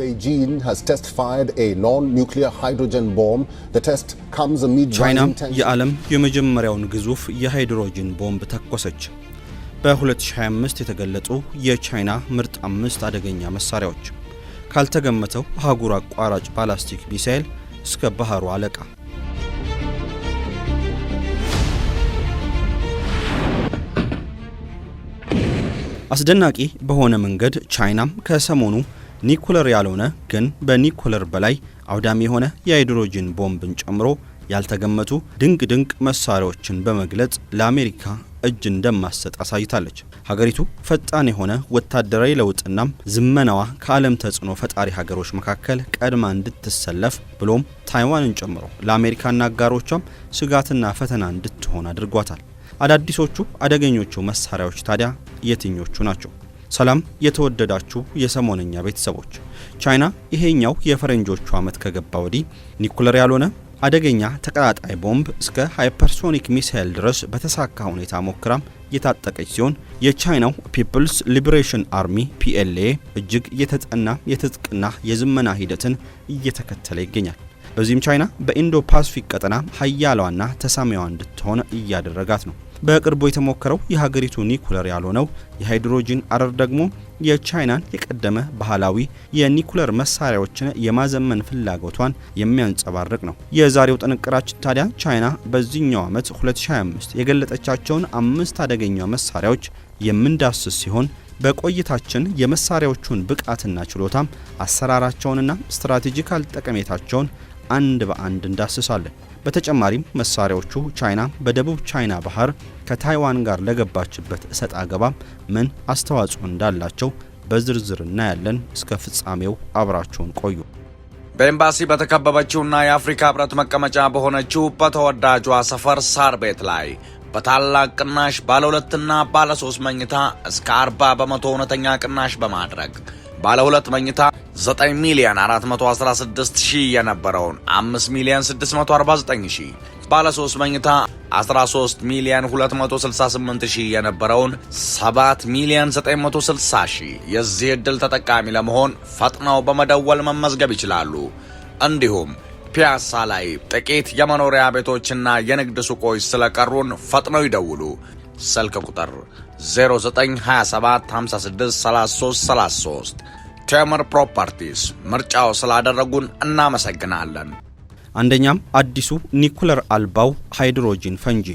non ቻይና የዓለም የመጀመሪያውን ግዙፍ የሃይድሮጅን ቦምብ ተኮሰች። በ2025 የተገለጡ የቻይና ምርጥ አምስት አደገኛ መሳሪያዎች ካልተገመተው አህጉር አቋራጭ ባላስቲክ ሚሳኤል እስከ ባህሩ አለቃ አስደናቂ በሆነ መንገድ ቻይናም ከሰሞኑ ኒኩለር ያልሆነ ግን በኒኩለር በላይ አውዳሚ የሆነ የሃይድሮጅን ቦምብን ጨምሮ ያልተገመቱ ድንቅ ድንቅ መሳሪያዎችን በመግለጽ ለአሜሪካ እጅ እንደማሰጥ አሳይታለች። ሀገሪቱ ፈጣን የሆነ ወታደራዊ ለውጥና ዝመናዋ ከዓለም ተጽዕኖ ፈጣሪ ሀገሮች መካከል ቀድማ እንድትሰለፍ ብሎም ታይዋንን ጨምሮ ለአሜሪካና አጋሮቿም ስጋትና ፈተና እንድትሆን አድርጓታል። አዳዲሶቹ አደገኞቹ መሳሪያዎች ታዲያ የትኞቹ ናቸው? ሰላም የተወደዳችሁ የሰሞነኛ ቤተሰቦች፣ ቻይና ይሄኛው የፈረንጆቹ ዓመት ከገባ ወዲህ ኒኩለር ያልሆነ አደገኛ ተቀጣጣይ ቦምብ እስከ ሃይፐርሶኒክ ሚሳይል ድረስ በተሳካ ሁኔታ ሞክራም የታጠቀች ሲሆን የቻይናው ፒፕልስ ሊበሬሽን አርሚ ፒኤልኤ እጅግ የተጠና የትጥቅና የዝመና ሂደትን እየተከተለ ይገኛል። በዚህም ቻይና በኢንዶ ፓሲፊክ ቀጠና ሀያሏና ተሳሚዋ እንድትሆን እያደረጋት ነው። በቅርቡ የተሞከረው የሀገሪቱ ኒኩለር ያልሆነው የሃይድሮጂን አረር ደግሞ የቻይናን የቀደመ ባህላዊ የኒኩለር መሳሪያዎችን የማዘመን ፍላጎቷን የሚያንጸባርቅ ነው። የዛሬው ጥንቅራችን ታዲያ ቻይና በዚህኛው ዓመት 2025 የገለጠቻቸውን አምስት አደገኛ መሳሪያዎች የምንዳስስ ሲሆን በቆይታችን የመሳሪያዎቹን ብቃትና ችሎታም አሰራራቸውንና ስትራቴጂካል ጠቀሜታቸውን አንድ በአንድ እንዳስሳለን። በተጨማሪም መሳሪያዎቹ ቻይና በደቡብ ቻይና ባህር ከታይዋን ጋር ለገባችበት እሰጥ አገባ ምን አስተዋጽኦ እንዳላቸው በዝርዝር እናያለን። እስከ ፍጻሜው አብራችሁን ቆዩ። በኤምባሲ በተከበበችውና የአፍሪካ ህብረት መቀመጫ በሆነችው በተወዳጇ ሰፈር ሳር ቤት ላይ በታላቅ ቅናሽ ባለ ሁለትና ባለ ሶስት መኝታ እስከ 40 በመቶ እውነተኛ ቅናሽ በማድረግ ባለ ሁለት መኝታ 9 ሚሊዮን 416 ሺህ የነበረውን 5 ሚሊዮን 649 ሺህ ባለ 3 መኝታ 13 ሚሊዮን 268 ሺህ የነበረውን 7 ሚሊዮን 960 ሺህ የዚህ ዕድል ተጠቃሚ ለመሆን ፈጥነው በመደወል መመዝገብ ይችላሉ። እንዲሁም ፒያሳ ላይ ጥቂት የመኖሪያ ቤቶችና የንግድ ሱቆች ስለቀሩን ፈጥነው ይደውሉ። ስልክ ቁጥር 0927563333 ቴምር ፕሮፐርቲስ ምርጫው ስላደረጉን እናመሰግናለን። አንደኛም አዲሱ ኒኩለር አልባው ሃይድሮጂን ፈንጂ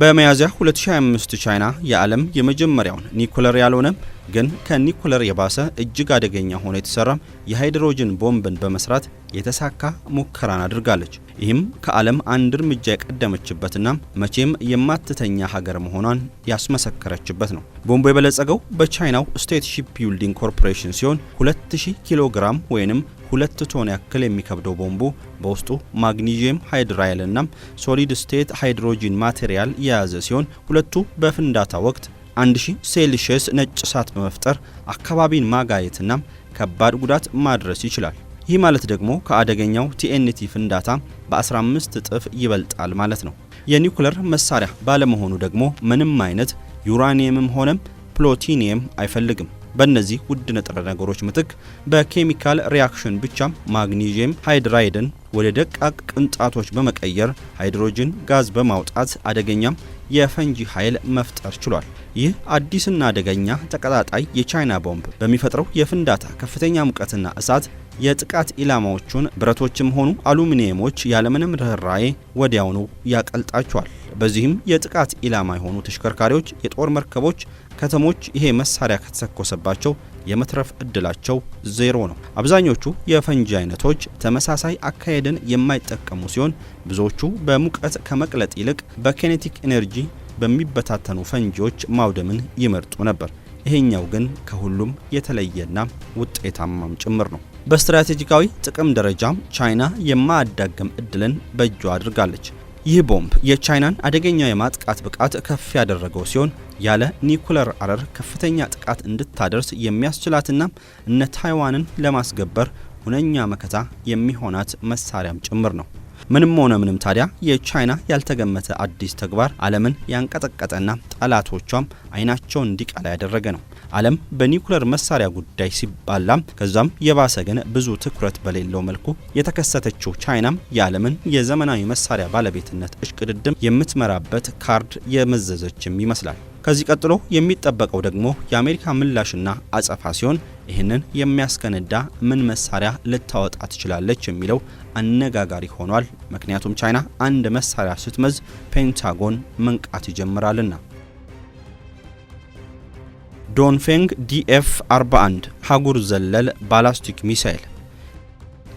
በሚያዝያ 2025 ቻይና የዓለም የመጀመሪያውን ኒኩለር ያልሆነ ግን ከኒኩለር የባሰ እጅግ አደገኛ ሆኖ የተሰራም የሃይድሮጅን ቦምብን በመስራት የተሳካ ሙከራን አድርጋለች። ይህም ከዓለም አንድ እርምጃ የቀደመችበትና መቼም የማትተኛ ሀገር መሆኗን ያስመሰከረችበት ነው። ቦምቡ የበለጸገው በቻይናው ስቴት ሺፕ ቢልዲንግ ኮርፖሬሽን ሲሆን 2000 ኪሎ ግራም ወይንም ሁለት ቶን ያክል የሚከብደው ቦምቡ በውስጡ ማግኒዥየም ሃይድራይልና ሶሊድ ስቴት ሃይድሮጂን ማቴሪያል የያዘ ሲሆን ሁለቱ በፍንዳታ ወቅት 1000 ሴልሺየስ ነጭ እሳት በመፍጠር አካባቢን ማጋየትና ከባድ ጉዳት ማድረስ ይችላል። ይህ ማለት ደግሞ ከአደገኛው ቲኤንቲ ፍንዳታ በ15 እጥፍ ይበልጣል ማለት ነው። የኒውክለር መሳሪያ ባለመሆኑ ደግሞ ምንም አይነት ዩራኒየምም ሆነም ፕሎቲኒየም አይፈልግም። በእነዚህ ውድ ንጥረ ነገሮች ምትክ በኬሚካል ሪያክሽን ብቻ ማግኒዥየም ሃይድራይድን ወደ ደቃቅ ቅንጣቶች በመቀየር ሃይድሮጅን ጋዝ በማውጣት አደገኛም የፈንጂ ኃይል መፍጠር ችሏል። ይህ አዲስና አደገኛ ተቀጣጣይ የቻይና ቦምብ በሚፈጥረው የፍንዳታ ከፍተኛ ሙቀትና እሳት የጥቃት ኢላማዎቹን ብረቶችም ሆኑ አሉሚኒየሞች ያለምንም ርኅራዬ ወዲያውኑ ያቀልጣቸዋል። በዚህም የጥቃት ኢላማ የሆኑ ተሽከርካሪዎች፣ የጦር መርከቦች፣ ከተሞች ይሄ መሳሪያ ከተተኮሰባቸው የመትረፍ እድላቸው ዜሮ ነው። አብዛኞቹ የፈንጂ አይነቶች ተመሳሳይ አካሄድን የማይጠቀሙ ሲሆን ብዙዎቹ በሙቀት ከመቅለጥ ይልቅ በኬኔቲክ ኤነርጂ በሚበታተኑ ፈንጂዎች ማውደምን ይመርጡ ነበር። ይሄኛው ግን ከሁሉም የተለየና ውጤታማም ጭምር ነው። በስትራቴጂካዊ ጥቅም ደረጃም ቻይና የማያዳግም እድልን በእጇ አድርጋለች። ይህ ቦምብ የቻይናን አደገኛ የማጥቃት ብቃት ከፍ ያደረገው ሲሆን ያለ ኒኩለር አረር ከፍተኛ ጥቃት እንድታደርስ የሚያስችላትና እነ ታይዋንን ለማስገበር ሁነኛ መከታ የሚሆናት መሳሪያም ጭምር ነው። ምንም ሆነ ምንም ታዲያ የቻይና ያልተገመተ አዲስ ተግባር ዓለምን ያንቀጠቀጠና ጠላቶቿም አይናቸውን እንዲቀላ ያደረገ ነው። ዓለም በኒውክለር መሳሪያ ጉዳይ ሲባላም ከዛም የባሰ ግን ብዙ ትኩረት በሌለው መልኩ የተከሰተችው ቻይናም የዓለምን የዘመናዊ መሳሪያ ባለቤትነት እሽቅድድም የምትመራበት ካርድ የመዘዘችም ይመስላል። ከዚህ ቀጥሎ የሚጠበቀው ደግሞ የአሜሪካ ምላሽና አጸፋ ሲሆን ይህንን የሚያስከነዳ ምን መሳሪያ ልታወጣ ትችላለች የሚለው አነጋጋሪ ሆኗል። ምክንያቱም ቻይና አንድ መሳሪያ ስትመዝ ፔንታጎን መንቃት ይጀምራልና። ዶንፌንግ ዲኤፍ 41 ሀጉር ዘለል ባላስቲክ ሚሳኤል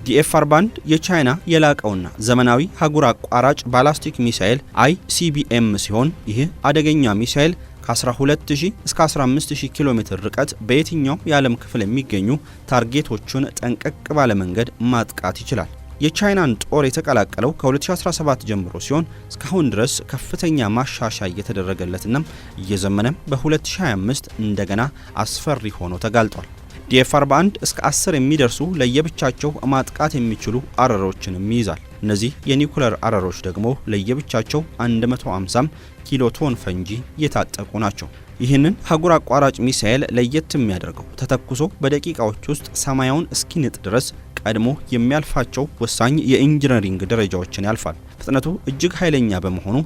ዲኤፍ 41 የቻይና የላቀውና ዘመናዊ ሀጉር አቋራጭ ባላስቲክ ሚሳኤል አይሲቢኤም ሲሆን ይህ አደገኛ ሚሳኤል ከ12000 እስከ 15000 ኪሎ ሜትር ርቀት በየትኛው የዓለም ክፍል የሚገኙ ታርጌቶቹን ጠንቀቅ ባለ መንገድ ማጥቃት ይችላል። የቻይናን ጦር የተቀላቀለው ከ2017 ጀምሮ ሲሆን እስካሁን ድረስ ከፍተኛ ማሻሻያ እየተደረገለትናም እየዘመነም በ2025 እንደገና አስፈሪ ሆኖ ተጋልጧል። ዲኤፍ 41 እስከ 10 የሚደርሱ ለየብቻቸው ማጥቃት የሚችሉ አረሮችንም ይይዛል። እነዚህ የኒኩለር አረሮች ደግሞ ለየብቻቸው 150 ኪሎ ቶን ፈንጂ የታጠቁ ናቸው። ይህንን አህጉር አቋራጭ ሚሳኤል ለየት የሚያደርገው ተተኩሶ በደቂቃዎች ውስጥ ሰማያውን እስኪንጥ ድረስ ቀድሞ የሚያልፋቸው ወሳኝ የኢንጂነሪንግ ደረጃዎችን ያልፋል። ፍጥነቱ እጅግ ኃይለኛ በመሆኑ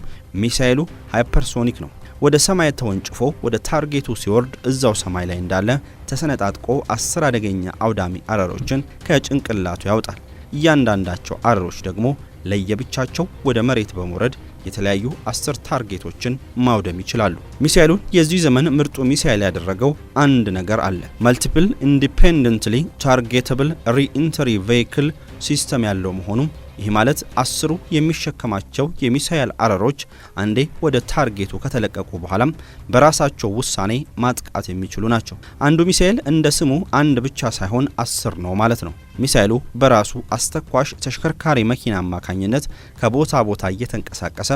ሚሳኤሉ ሃይፐርሶኒክ ነው። ወደ ሰማይ ተወንጭፎ ወደ ታርጌቱ ሲወርድ እዛው ሰማይ ላይ እንዳለ ተሰነጣጥቆ አስር አደገኛ አውዳሚ አረሮችን ከጭንቅላቱ ያወጣል። እያንዳንዳቸው አረሮች ደግሞ ለየብቻቸው ወደ መሬት በመውረድ የተለያዩ አስር ታርጌቶችን ማውደም ይችላሉ። ሚሳኤሉ የዚህ ዘመን ምርጡ ሚሳኤል ያደረገው አንድ ነገር አለ። መልቲፕል ኢንዲፔንደንትሊ ታርጌተብል ሪኢንተሪ ቬይክል ሲስተም ያለው መሆኑም ይህ ማለት አስሩ የሚሸከማቸው የሚሳኤል አረሮች አንዴ ወደ ታርጌቱ ከተለቀቁ በኋላም በራሳቸው ውሳኔ ማጥቃት የሚችሉ ናቸው። አንዱ ሚሳኤል እንደ ስሙ አንድ ብቻ ሳይሆን አስር ነው ማለት ነው። ሚሳይሉ በራሱ አስተኳሽ ተሽከርካሪ መኪና አማካኝነት ከቦታ ቦታ እየተንቀሳቀሰ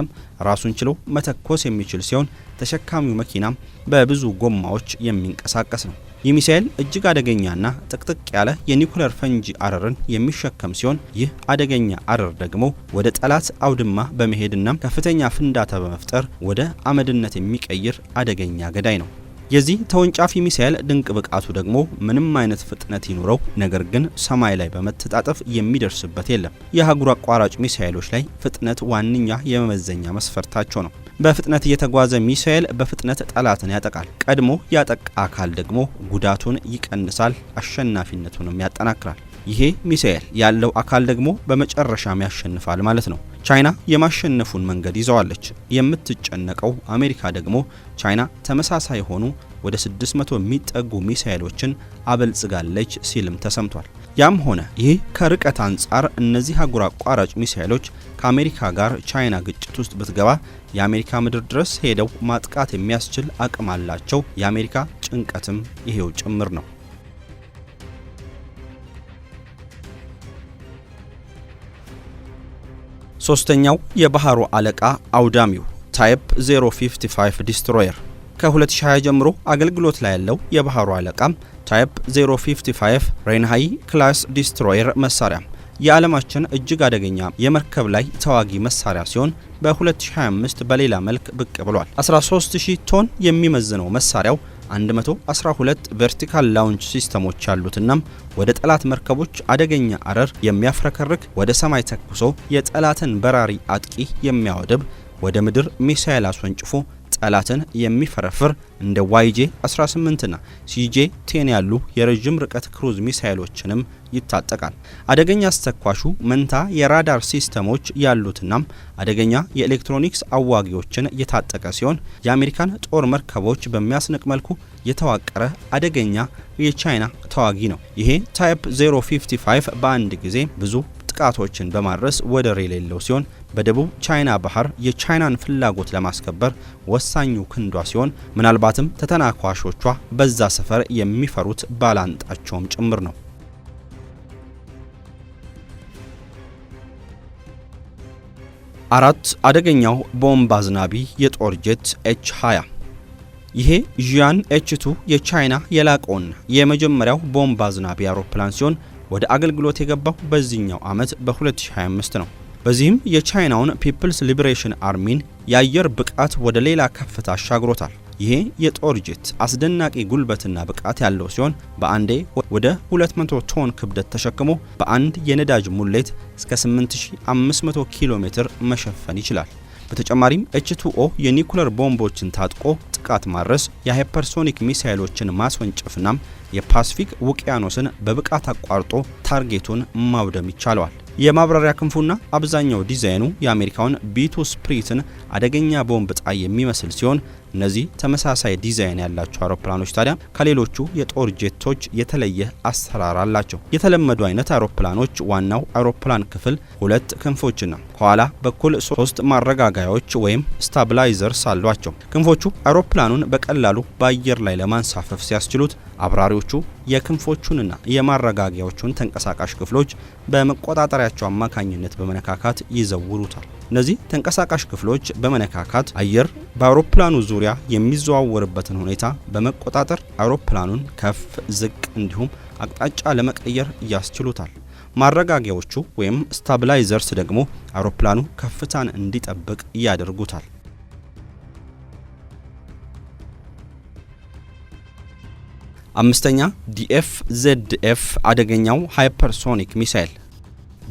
ራሱን ችሎ መተኮስ የሚችል ሲሆን ተሸካሚው መኪናም በብዙ ጎማዎች የሚንቀሳቀስ ነው። ይህ ሚሳኤል እጅግ አደገኛና ጥቅጥቅ ያለ የኒኩለር ፈንጂ አረርን የሚሸከም ሲሆን ይህ አደገኛ አረር ደግሞ ወደ ጠላት አውድማ በመሄድና ከፍተኛ ፍንዳታ በመፍጠር ወደ አመድነት የሚቀይር አደገኛ ገዳይ ነው። የዚህ ተወንጫፊ ሚሳኤል ድንቅ ብቃቱ ደግሞ ምንም አይነት ፍጥነት ይኑረው፣ ነገር ግን ሰማይ ላይ በመተጣጠፍ የሚደርስበት የለም። የአህጉር አቋራጭ ሚሳኤሎች ላይ ፍጥነት ዋነኛ የመመዘኛ መስፈርታቸው ነው። በፍጥነት እየተጓዘ ሚሳኤል በፍጥነት ጠላትን ያጠቃል። ቀድሞ ያጠቃ አካል ደግሞ ጉዳቱን ይቀንሳል፣ አሸናፊነቱንም ያጠናክራል። ይሄ ሚሳኤል ያለው አካል ደግሞ በመጨረሻም ያሸንፋል ማለት ነው። ቻይና የማሸነፉን መንገድ ይዘዋለች። የምትጨነቀው አሜሪካ ደግሞ ቻይና ተመሳሳይ የሆኑ ወደ 600 የሚጠጉ ሚሳኤሎችን አበልጽጋለች ሲልም ተሰምቷል። ያም ሆነ ይህ ከርቀት አንጻር እነዚህ አህጉር አቋራጭ ሚሳኤሎች ከአሜሪካ ጋር ቻይና ግጭት ውስጥ ብትገባ የአሜሪካ ምድር ድረስ ሄደው ማጥቃት የሚያስችል አቅም አላቸው። የአሜሪካ ጭንቀትም ይሄው ጭምር ነው። ሶስተኛው የባህሩ አለቃ አውዳሚው ታይፕ 055 ዲስትሮየር ከ2020 ጀምሮ አገልግሎት ላይ ያለው የባህሩ አለቃ ታይፕ 055 ሬንሃይ ክላስ ዲስትሮየር መሳሪያ የዓለማችን እጅግ አደገኛ የመርከብ ላይ ተዋጊ መሳሪያ ሲሆን በ2025 በሌላ መልክ ብቅ ብሏል። 13000 ቶን የሚመዝነው መሳሪያው 112 ቨርቲካል ላውንች ሲስተሞች ያሉትናም ወደ ጠላት መርከቦች አደገኛ አረር የሚያፍረከርክ ወደ ሰማይ ተኩሶ የጠላትን በራሪ አጥቂ የሚያወደብ ወደ ምድር ሚሳኤል አስወንጭፎ ጠላትን የሚፈረፍር እንደ ዋይጄ 18ና ሲጄ ቴን ያሉ የረዥም ርቀት ክሩዝ ሚሳይሎችንም ይታጠቃል። አደገኛ አስተኳሹ መንታ የራዳር ሲስተሞች ያሉትናም አደገኛ የኤሌክትሮኒክስ አዋጊዎችን የታጠቀ ሲሆን የአሜሪካን ጦር መርከቦች በሚያስንቅ መልኩ የተዋቀረ አደገኛ የቻይና ተዋጊ ነው። ይሄ ታይፕ 055 በአንድ ጊዜ ብዙ ጥቃቶችን በማድረስ ወደር የሌለው ሲሆን በደቡብ ቻይና ባህር የቻይናን ፍላጎት ለማስከበር ወሳኙ ክንዷ ሲሆን ምናልባትም ተተናኳሾቿ በዛ ሰፈር የሚፈሩት ባላንጣቸውም ጭምር ነው። አራት አደገኛው ቦምብ አዝናቢ የጦር ጀት ኤች 20 ይሄ ዢያን ኤች2 የቻይና የላቀውና የመጀመሪያው ቦምብ አዝናቢ አውሮፕላን ሲሆን ወደ አገልግሎት የገባው በዚህኛው ዓመት በ2025 ነው። በዚህም የቻይናውን ፒፕልስ ሊበሬሽን አርሚን የአየር ብቃት ወደ ሌላ ከፍታ አሻግሮታል። ይሄ የጦር ጄት አስደናቂ ጉልበትና ብቃት ያለው ሲሆን በአንዴ ወደ 200 ቶን ክብደት ተሸክሞ በአንድ የነዳጅ ሙሌት እስከ 8500 ኪሎ ሜትር መሸፈን ይችላል። በተጨማሪም ኤች2ኦ የኒኩለር ቦምቦችን ታጥቆ ጥቃት ማድረስ፣ የሃይፐርሶኒክ ሚሳይሎችን ማስወንጨፍና የፓስፊክ ውቅያኖስን በብቃት አቋርጦ ታርጌቱን ማውደም ይቻለዋል። የማብራሪያ ክንፉና አብዛኛው ዲዛይኑ የአሜሪካውን ቢቱ ስፕሪትን አደገኛ ቦምብ ጣይ የሚመስል ሲሆን እነዚህ ተመሳሳይ ዲዛይን ያላቸው አውሮፕላኖች ታዲያ ከሌሎቹ የጦር ጄቶች የተለየ አሰራር አላቸው። የተለመዱ አይነት አውሮፕላኖች ዋናው አውሮፕላን ክፍል ሁለት ክንፎችና ከኋላ በኩል ሶስት ማረጋጋያዎች ወይም ስታብላይዘርስ አሏቸው። ክንፎቹ አውሮፕላኑን በቀላሉ በአየር ላይ ለማንሳፈፍ ሲያስችሉት አብራሪዎቹ የክንፎቹንና የማረጋጊያዎቹን ተንቀሳቃሽ ክፍሎች በመቆጣጠሪያቸው አማካኝነት በመነካካት ይዘውሩታል። እነዚህ ተንቀሳቃሽ ክፍሎች በመነካካት አየር በአውሮፕላኑ ዙሪያ የሚዘዋወርበትን ሁኔታ በመቆጣጠር አውሮፕላኑን ከፍ ዝቅ፣ እንዲሁም አቅጣጫ ለመቀየር ያስችሉታል። ማረጋጊያዎቹ ወይም ስታብላይዘርስ ደግሞ አውሮፕላኑ ከፍታን እንዲጠብቅ ያደርጉታል። አምስተኛ ዲኤፍ ዜድኤፍ አደገኛው ሃይፐርሶኒክ ሚሳይል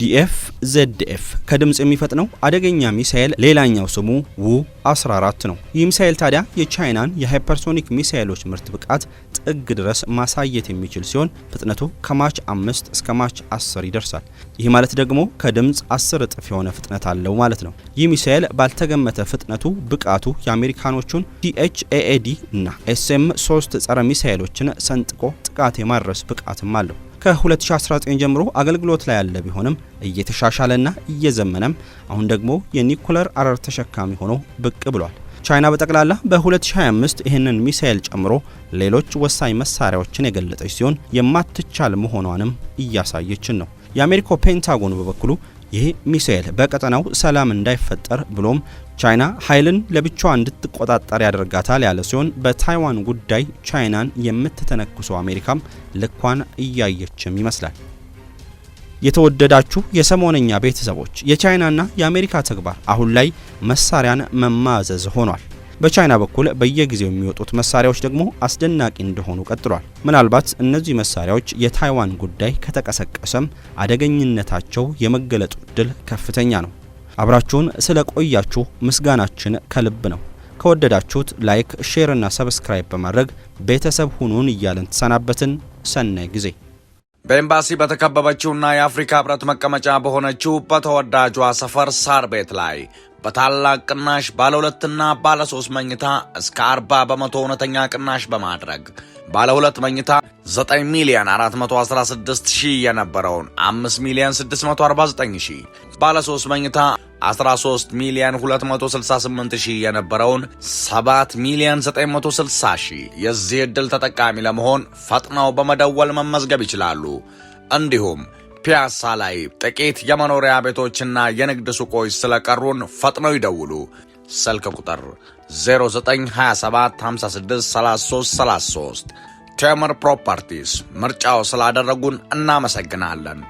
ዲኤፍ ዘድኤፍ ከድምፅ የሚፈጥነው አደገኛ ሚሳኤል ሌላኛው ስሙ ው 14 ነው። ይህ ሚሳኤል ታዲያ የቻይናን የሃይፐርሶኒክ ሚሳኤሎች ምርት ብቃት ጥግ ድረስ ማሳየት የሚችል ሲሆን ፍጥነቱ ከማች 5 እስከ ማች 10 ይደርሳል። ይህ ማለት ደግሞ ከድምፅ 10 እጥፍ የሆነ ፍጥነት አለው ማለት ነው። ይህ ሚሳኤል ባልተገመተ ፍጥነቱ ብቃቱ የአሜሪካኖቹን ዲኤችኤኤዲ እና ኤስኤም 3 ጸረ ሚሳኤሎችን ሰንጥቆ ጥቃት የማድረስ ብቃትም አለው። ከ2019 ጀምሮ አገልግሎት ላይ ያለ ቢሆንም እየተሻሻለና እየዘመነም አሁን ደግሞ የኒኩለር አረር ተሸካሚ ሆኖ ብቅ ብሏል። ቻይና በጠቅላላ በ2025 ይህንን ሚሳኤል ጨምሮ ሌሎች ወሳኝ መሳሪያዎችን የገለጠች ሲሆን የማትቻል መሆኗንም እያሳየችን ነው። የአሜሪካው ፔንታጎን በበኩሉ ይህ ሚሳኤል በቀጠናው ሰላም እንዳይፈጠር ብሎም ቻይና ኃይልን ለብቻዋ እንድትቆጣጠር ያደርጋታል ያለ ሲሆን በታይዋን ጉዳይ ቻይናን የምትተነኩሰው አሜሪካም ልኳን እያየችም ይመስላል። የተወደዳችሁ የሰሞነኛ ቤተሰቦች የቻይናና የአሜሪካ ተግባር አሁን ላይ መሳሪያን መማዘዝ ሆኗል። በቻይና በኩል በየጊዜው የሚወጡት መሳሪያዎች ደግሞ አስደናቂ እንደሆኑ ቀጥሏል። ምናልባት እነዚህ መሳሪያዎች የታይዋን ጉዳይ ከተቀሰቀሰም አደገኝነታቸው የመገለጡ እድል ከፍተኛ ነው። አብራችሁን ስለቆያችሁ ምስጋናችን ከልብ ነው። ከወደዳችሁት ላይክ፣ ሼር እና ሰብስክራይብ በማድረግ ቤተሰብ ሁኑን እያልን ተሰናበትን። ሰናይ ጊዜ። በኤምባሲ በተከበበችውና የአፍሪካ ህብረት መቀመጫ በሆነችው በተወዳጇ ሰፈር ሳር ቤት ላይ በታላቅ ቅናሽ ባለ ሁለትና ባለ ሶስት መኝታ እስከ 40 በመቶ እውነተኛ ቅናሽ በማድረግ ባለ ሁለት መኝታ 9 ሚሊዮን 416 ሺህ የነበረውን 5 ሚሊዮን 649 ሺህ፣ ባለ 3 መኝታ 13 ሚሊዮን 268 ሺህ የነበረውን 7 ሚሊዮን 960 ሺህ። የዚህ ዕድል ተጠቃሚ ለመሆን ፈጥነው በመደወል መመዝገብ ይችላሉ። እንዲሁም ፒያሳ ላይ ጥቂት የመኖሪያ ቤቶችና የንግድ ሱቆች ስለቀሩን ፈጥነው ይደውሉ። ስልክ ቁጥር 0927563333 ቴምር ፕሮፐርቲስ ምርጫው ስላደረጉን እናመሰግናለን።